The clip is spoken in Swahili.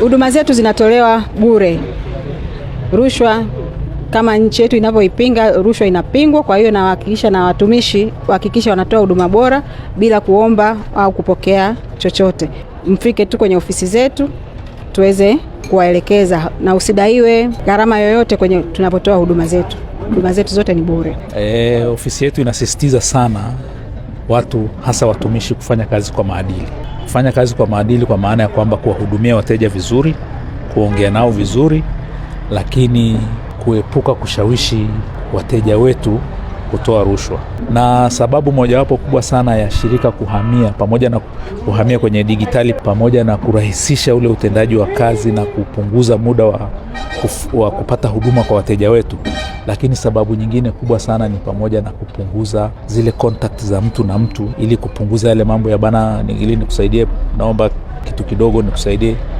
huduma zetu zinatolewa bure. Rushwa kama nchi yetu inavyoipinga rushwa inapingwa. Kwa hiyo nawahakikisha na watumishi wahakikisha wanatoa huduma bora bila kuomba au kupokea chochote. Mfike tu kwenye ofisi zetu tuweze kuwaelekeza na usidaiwe gharama yoyote kwenye tunapotoa huduma zetu. Huduma zetu zote ni bure. E, ofisi yetu inasisitiza sana watu hasa watumishi kufanya kazi kwa maadili kufanya kazi kwa maadili, kwa maana ya kwamba kuwahudumia wateja vizuri, kuongea nao vizuri, lakini kuepuka kushawishi wateja wetu kutoa rushwa. Na sababu mojawapo kubwa sana ya shirika kuhamia pamoja na kuhamia kwenye digitali, pamoja na kurahisisha ule utendaji wa kazi na kupunguza muda wa, wa kupata huduma kwa wateja wetu lakini sababu nyingine kubwa sana ni pamoja na kupunguza zile contact za mtu na mtu, ili kupunguza yale mambo ya bana, ili nikusaidie, naomba kitu kidogo nikusaidie.